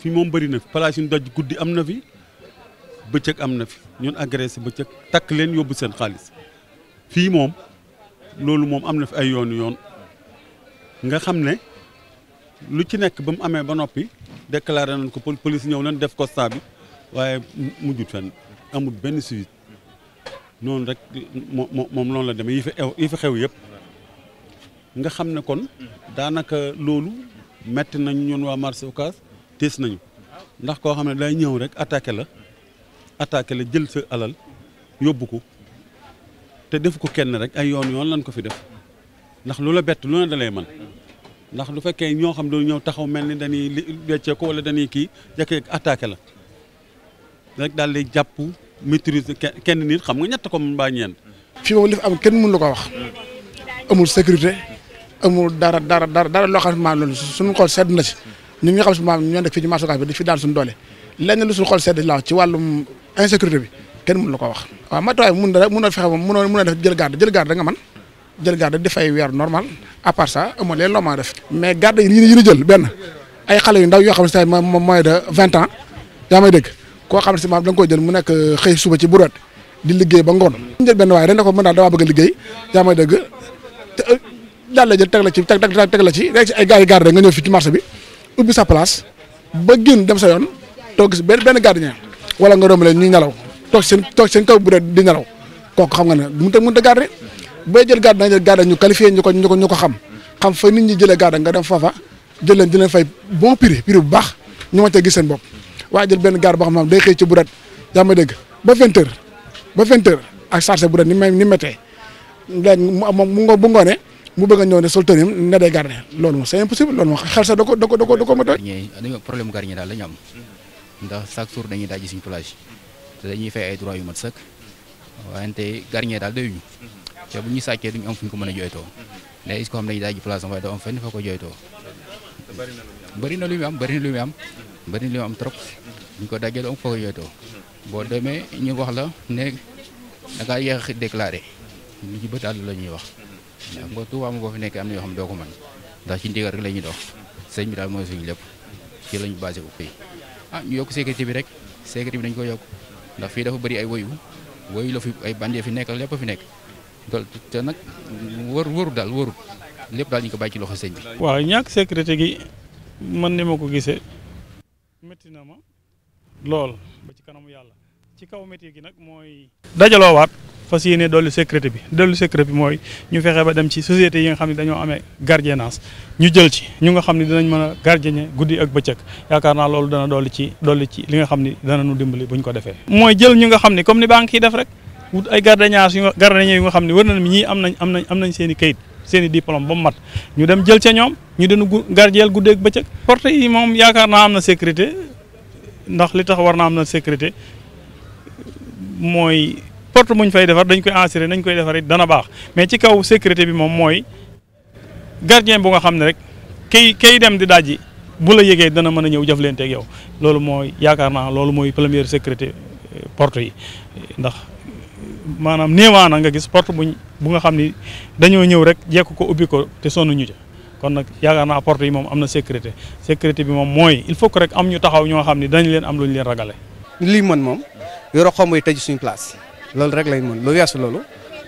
fi moom bëri na fi place yu ñu daj guddi am na fi bëccëg am na fi ñun agressé bëccëg takk leen yóbbu seen xaalis fii moom loolu moom am na fi ay yoon yoon nga xam ne lu ci nekk ba mu amee ba noppi déclaré nañ ko police ñëw nañ def constat bi waaye mujjut fenn amul benn suivi noonu rek moom loolu la demee yi fi xew yi fi xew yëpp nga xam ne kon daanaka loolu metti nañ ñun waa marché Ocass tiis nañu ndax koo xam ne day ñëw rek attaqué la attaqué la jël sa alal yóbbu ko te def ko kenn rek ay yoon yoon lañ ko fi def ndax lu la bett lu ne dalay man ndax du fekkee ñoo xam du ñëw taxaw mel ni dañuy weccee ko wala dañuy kii jekkee attaqué la rek daal di jàpp maîtrise kenn nit xam nga ñett ko mun baa ñeent fii moom li fi am kenn mënu la ko wax amul sécurité amul dara dara dara dara loo xam ne maa loolu suñu xool sedd na ci ñun ñu xam suñu maam ñu nekk fi ci marché Ocass bi di fi daal suñu doole lenn lu suñu xol sedd la ci walum insécurité bi kenn mënu la ko wax wa ma toy mënu na mun na mënu moom def jël garde jël garde nga man jël garde def ay wër normal à part ça amoo lé loma def mais garde yi yi ñu jël ben ay xalé yu ndaw yo xam sa si moom mooy de vingt ans yaa may dégg ko xam ne si dang da koy jël mu nek euh, xey suba ci bureet di liggéey ba ngon ñu jël ben way rek ne mëna da daal bëgg liggéey yaa may dégg euh, dal la jël teg la ci teg teg la ci rek ay gaay garde nga ñëw fi ci marché bi ubi sa place ba génn dem sa yoon tok si ben benn gardien wala nga romb leen nalaw tok toog tok toog kaw bu dee di nalaw kok xam nga ne mu te mu te gardé bay jël gardé na gardé ñu qualifier ñu ko ñu ko ñu ko xam xam fa nit ñi jël gardé nga dem foofa jël leen dina fay bon pire pire bu baax ñu ma te gis seen bop wa jël ben gardé boo xam day xey ci bu dee yaa ma dégg ba 20h ba 20h ak charger bu dee ni ni meté méttee mu mu mu ngoonee mu bëgg a ñëw ne sol tenue ne day garder loolu moom c'est impossible loolu moom xel sax da ko da ko da ko da ko ma doy. problème gardien la ñu am ndax chaque jour dañuy dajji suñu plage te dañuy fay ay droit yu bu ñu sàccee duñu am fu ñu ko mën a jooytoo léegi is ko xam dañuy dajji plage am waaye doo am na lu muy am bëri lu muy am bëri na am trop ñu ko dajjee doo am fa ko jooytoo boo demee ñu wax la ne da ngaa yéex déclaré lu ci bët la ñuy wax xam nga Touba moom fi nekk am na yoo xam ne doo ko mën ndax ci ndigal rek la ñuy dox sëñ bi daal mooy suñu lépp ci lañu basé wu fii ah ñu yokk sécurité bi rek sécurité bi dañ ko yokk ndax fii dafa bari ay woyu woyu la fi ay bandee fi nekk lépp fi nekk te nag wër wëru daal wëru lépp daal ñu ko bàyyi ci loxo sëñ bi. waaw ñàkk sécurité gi man ni ma ko gisee métti na ma lool ba ci kanamu yàlla ci kaw métti gi nag mooy dajaloowaat. fas yéene dolli sécurité bi dolli sécurité bi mooy ñu fexe ba dem ci société yi nga xam ne dañoo amee gardiennage ñu jël ci ñu nga xam ne danañ mën a gardien guddi ak bëccëg yaakaar naa loolu dana dolli ci dolli ci li nga xam ni dana nu dimbali bu ñu ko defee. mooy jël ñu nga xam ne comme ni banque yi def rek wut ay gardiennage yu nga xam ne war nañu ñii am nañ am nañ am nañ seen kayit seen i diplôme ba mu mat ñu dem jël ca ñoom ñu dana gardien guddi ak bëccëg. porte yi moom yaakaar naa am na ndax li tax war naa am na sécurité mooy porte muñ fay defar dañ koy assuré nañ koy defar dana baax mais ci kaw sécurité bi moom mooy gardien bu nga xam ne rek kay kay dem di dajji bu la yëgee dana mën a ñëw jëflante yow loolu mooy yaakaar naa loolu mooy première sécurité euh, porte yi ndax maanaam néewaana nga gis porte buñ bu nga xam ni dañoo ñëw rek jekk ko ubbi ko te sonnuñu ca kon nag yaakaar naa porte yi moom am na sécurité sécurité bi moom mooy il faut que rek am ñu taxaw ñoo xam ni dañ leen am lu ñu leen ragale. lii mën moom yoroo xaw mooy tëj suñ place. loolu rek lañ moom lu weesu loolu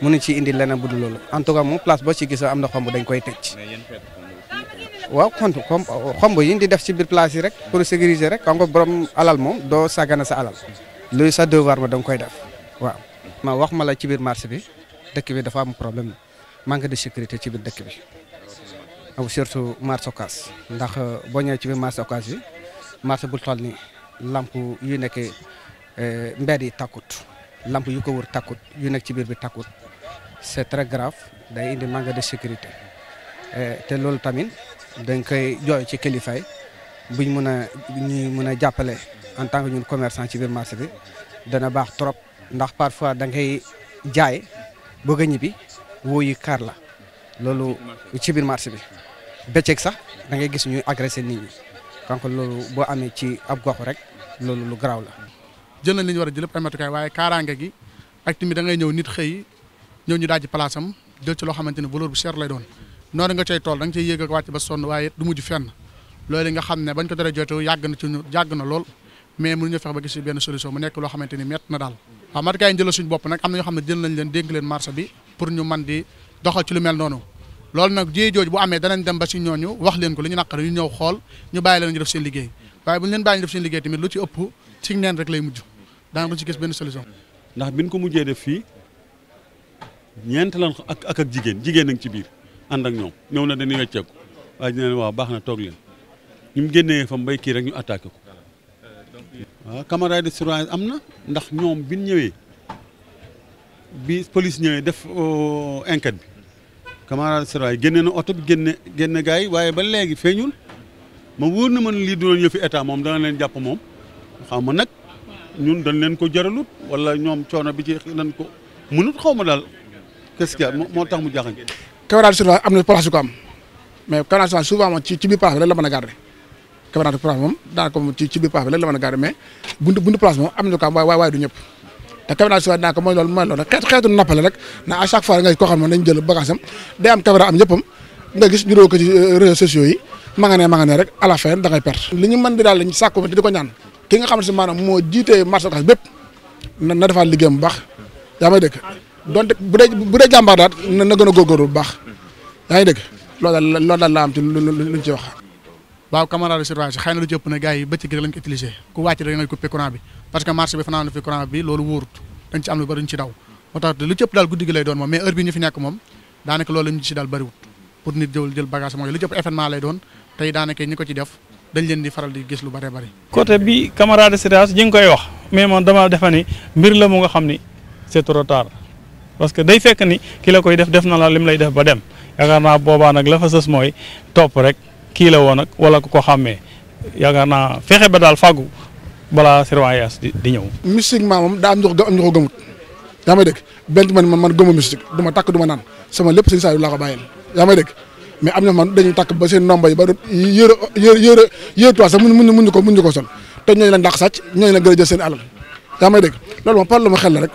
mënuñ ci indi leneen bu du loolu en tout cas moom place boo ci gis am na xomb dañ koy tëj. waaw xont xomb xomb yi ñu di def ci biir place yi rek pour sécuriser rek xam nga borom alal moom doo sàggana sa alal luy sa war ma da nga koy def waaw. ma wax ma la ci biir marché bi dëkk bi dafa am problème manque de sécurité ci biir dëkk bi surtout marché Ocass ndax euh, boo ñëwee ci biir marché Ocass bi marché bu toll nii lamp yu nekk euh, mbedd takkut. lamp yu ko wër takkut yu nekk ci biir bi takkut c'est très grave day indi manque de sécurité eh, te loolu tamit dañ koy jooy ci kilifaay buñ mën a ñuy mën a jàppale en tant que ñun commerçant ci biir marché bi dana baax trop ndax parfois da ngay jaay bëgg a ñibbi wóoyi kaar la loolu ci biir marché bi bëccëg sax da ngay gis ñuy agressé nit ñi donc loolu boo amee ci ab gox rek loolu lu garaaw la jël nañ li ñu war a jël ay matukaay loo xamante ni valeur bu cher lay doon noonu nga cay tool da nga cay yéeg ak wàcc ba sonn waaye du mujj na ci ñu yàgg na lool mais nekk loo xamante ni mett na daal waaw matukaay yi leen dénk leen marché bi pour ñu man di doxal ci lu mel noonu loolu nag jiyee jooju bu amee danañ dem ba ci ñooñu wax leen ko li ñu naqar yu ñëw xool ñu bàyyi leen ñu ñu def seen liggéey tamit lu ci ëpp ci neen rek lay mujj daanaka ci gis ben solution. ndax biñ ko mujjé def fi ñent lan ak ak ak jigen jigéen a ci biir and ak ñom ñëw na dañuy wecceeku waaye dina ne waaw baax na leen ñu mu fa mbay ki rek ñu attaqué ko. waaw caméra de surveillance amna ndax ñom biñ ñëwé bi police ñëwé def euh, enquête bi caméra de surveillance génne na auto bi génne génne gaay waye ba légui feñul ma wóor na man li du doon yëfi état mom da nga leen japp mom xam ma nag ñun dañ leen ko jëralut wala ñoom coono bi ci nañ ko mënut xawma dal qu'est-ce qu'il y a moo tax mu jaxañ caméra de surveillance am place yu ko am mais caméra de souvent moom ci ci bi place rek la mëna garder caméra de surveillance moom daanaka moom ci ci bi place rek la mëna garder mais buntu buntu place mom amna ko am way way du ñëpp. da caméra de da ko moy lool moy lool xet xetu nappal rek na à chaque fois nga ko xam ne dañ jël bagage am day am caméra am ñëppam nga gis ñu ko ci euh, réseaux sociaux yi ma nga ne ma nga ne rek à la fin da ngay perdre li ñu mën di daal lañ sàkku di ko ñaan ki nga xam ne maanaam moo jiitee marché Ocass bépp baax yaa may dégg donte bu dee bu a góorgóorlu bu baax yaa ngi dégg loolu daal loolu ne gars yi bëccëg rek ko utilisé lay doon moom mais heure bi ñu fi nekk moom daanaka loolu lañ ci daal bariwut pour nit jël jël bagage mooy lu ci ëpp lay doon tey daanaka ñi ko ci def dañ leen di faral di gis lu bare bari. côté bi camarade Seras ñi koy wax mais man dama defa ni mbir la mu nga xamni c'est trop tard parce que day fekk ni ki la koy def def na la lim lay def ba dem yaakaar naa la fa sës mooy topp rek kii la woon ak wala ku ko xàmmee yaakaar naa fexe ba daal fàggu balaa surveillance di di ñëw. mystiquement moom daa am ñu am ñu ko gëmut yaa may man man gëmu musique du ma takk du ma naan sama lépp sëñ laa ko yaa may mais am na man dañuy takk ba seen nomba yi ba yëre yëre yëre yëre tuwaat sax mun mun mun ñu ko mun ñu ko son te ñooñu lañ dàq sàcc ñooñu la gën a jël seen alal yaa may dégg loolu moom par la ma xel la rek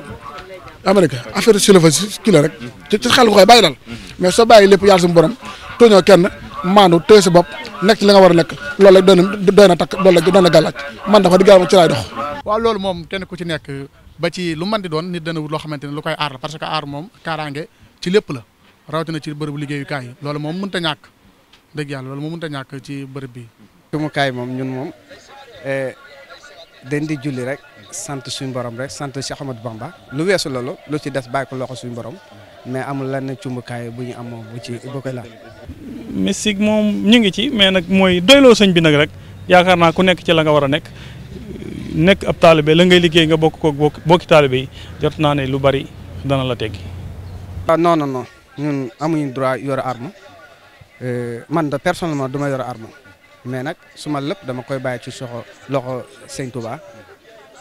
yaa may dégg si la rek ci xel ko koy bàyyi daal mais soo bàyyi lépp yàlla suñu borom tooñoo kenn maandu téye sa bopp nekk ci li nga war a nekk loolu rek doy na doy na takk loolu rek doy man dafa di gàllam ci laay dox waaw loolu moom kenn ku ci nekk ba ci lu man di doon nit loo xamante ne lu koy parce que aar moom kaaraange ci lépp la rawatina ci bërëb liggéeyukaay loolu moom mun ta ñàkk dëgg yàlla loolu moom mënut a ñàkk ci bërëb bi. jumukaay moom ñun moom eh, dañ di julli rek sant suñu borom rek sant Cheikh Ahmadou Bamba lu weesu loolu lu ci des bàyyi ko loxo suñu borom mais amul lenn cumbukaay bu ñu am moom ci bu ko laal. mystique moom ñu ngi ci mais nag mooy doyloo sëñ bi nag rek yaakaar naa ku nekk ci la nga war a nekk nekk ab taalibe la ngay liggéey nga bokk ko bokki taalibe yi jot naa ne lu bari dana la teggi. ah non ñun amuñu droit yor arme euh, man de personnellement duma yor arme mais nag suma lépp dama koy bàyyi ci soxo loxo Sëñ Touba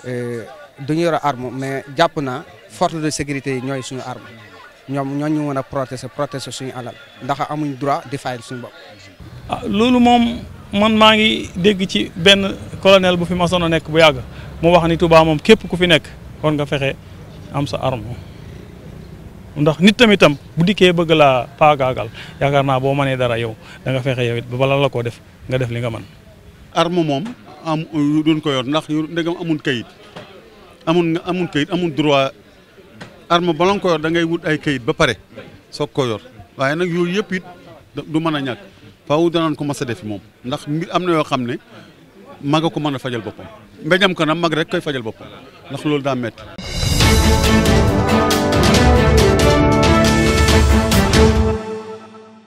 euh, duñu yor arme mais jàpp naa force de sécurité yi ñooy suñu arme ñoom ñoo ñu mën a protéger protéger suñu alal ndax amuñ droit di fayal suñu bopp. ah loolu moom man maa ngi dégg ci benn colonel bu fi masoon a nekk bu yàgg mu wax ni Touba moom képp ku fi nekk kon nga fexe am sa armo ndax nit tamit tam bu diké bëgg laa paagaagal yaakaar naa boo mënee dara yow da nga fexé yow it ba mom, la ko def nga def li nga man arme mom am duñ ko yor ndax ndegam amun kayit amun nga amul kayit amun droit arme ba nga ko yor da ngay wut ay kayit ba paré sok ko yor waye nak yoy yëpp it du mën da ko mësa def mom. ndax amna yo xamné maga ko mëna fajal fajal mbéñam ko kanam mag rek koy fajal bopam. ndax loolu da metti